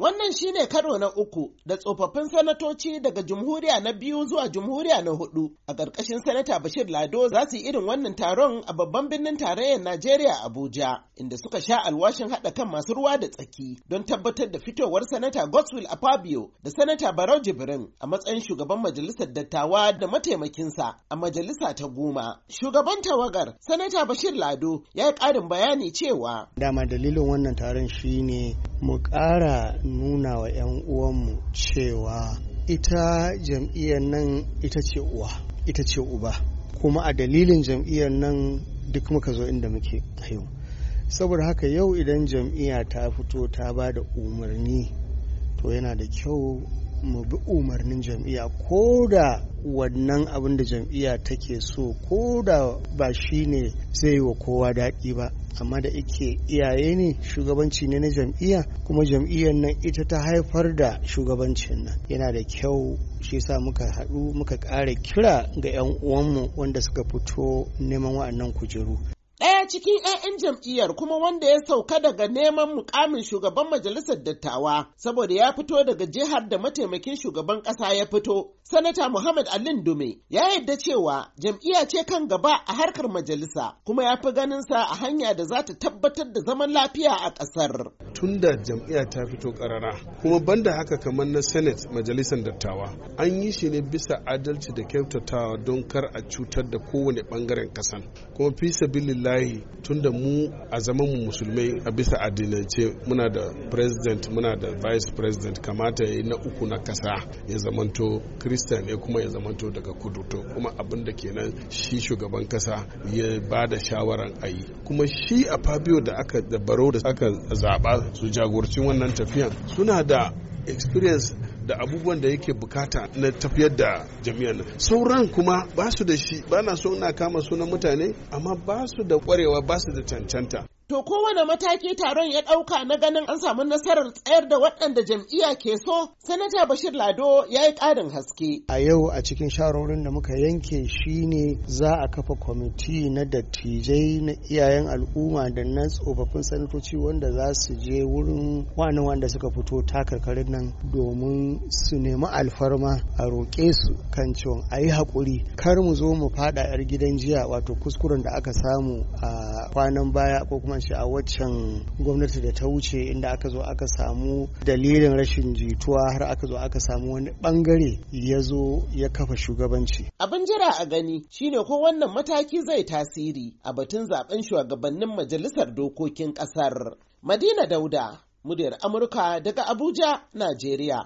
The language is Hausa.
Wannan shi ne karo na uku da tsofaffin sanatoci daga jumhuriya na biyu zuwa jumhuriya na hudu a ƙarƙashin sanata Bashir Lado za su yi irin wannan taron a babban birnin tarayyar Najeriya Abuja inda suka sha alwashin haɗa kan masu ruwa da tsaki don tabbatar da fitowar sanata Godswill Apabio da sanata Barau Jibrin a matsayin shugaban majalisar dattawa da mataimakinsa a majalisa ta goma. Shugaban tawagar sanata Bashir Lado ya yi ƙarin bayani cewa. Dama dalilin wannan taron shi ne mu ƙara nuna wa 'yan uwanmu cewa ita jam'iyyar nan ita ce uwa ita ce uba kuma a dalilin jam'iyyar nan duk muka zo inda muke yau saboda haka yau idan jam'iyya ta fito ta ba da umarni to yana da kyau mu bi umarnin jam'iyya ko da wannan abin da jam'iyya take so ko da ba shi ne zai yi wa kowa daɗi ba amma da ike iyaye ne shugabanci ne na jam'iyya kuma jam'iyyar nan ita ta haifar da shugabancin nan yana da kyau shi sa muka haɗu muka ƙara kira ga 'yan uwanmu wanda suka fito neman wa'annan kujeru ɗaya cikin 'ya'yan jam'iyyar kuma wanda ya sauka daga neman mukamin shugaban majalisar dattawa saboda ya fito daga jihar da mataimakin shugaban ƙasa ya fito Sanata Muhammad Alin Dume ya yadda cewa jam'iyya ce kan gaba a harkar majalisa kuma ya fi ganinsa a hanya da za ta tabbatar da zaman lafiya a ƙasar. Tun da jam'iyya ta fito ƙarara, kuma banda haka kamar na Senate majalisar dattawa, an yi shi ne bisa adalci da kyautatawa don kar a cutar da kowane ɓangaren ƙasan. Kuma fi sabilillahi tun da mu a zaman mu musulmai a bisa addinance muna da president muna da vice president kamata ya yi na uku na ƙasa ya zamanto minista ne kuma ya zamanto daga kudu to kuma abin da kenan shi shugaban kasa ya ba da shawaran a yi kuma shi a fabio da aka da baro da aka zaba su jagorci wannan tafiyan suna da experience da abubuwan da yake bukata na tafiyar da jami'an sauran kuma ba su da shi ba na so na kama sunan mutane amma ba su da kwarewa ba su da cancanta To kowane mataki taron ya ɗauka na ganin an samu nasarar tsayar da waɗanda jam'iyya ke so, Sanata Bashir Lado ya yi ƙarin haske. A yau a cikin shawarorin da muka yanke shine za a kafa kwamiti na dattijai na iyayen al'umma da na tsofaffin sanatoci wanda za su je wurin wani wanda suka fito takarkarin nan domin su nemi alfarma a roƙe su kan cewa a yi haƙuri kar mu zo mu faɗa 'yar gidan jiya wato kuskuren da aka samu a kwanan baya ko kuma kanshi a waccan gwamnati da ta wuce inda aka zo aka samu dalilin rashin jituwa har aka zo aka samu wani bangare ya zo ya kafa shugabanci. Abin jira a gani shine ko wannan mataki zai tasiri a batun zaben shugabannin majalisar dokokin kasar. Madina Dauda, muryar Amurka daga Abuja, Najeriya.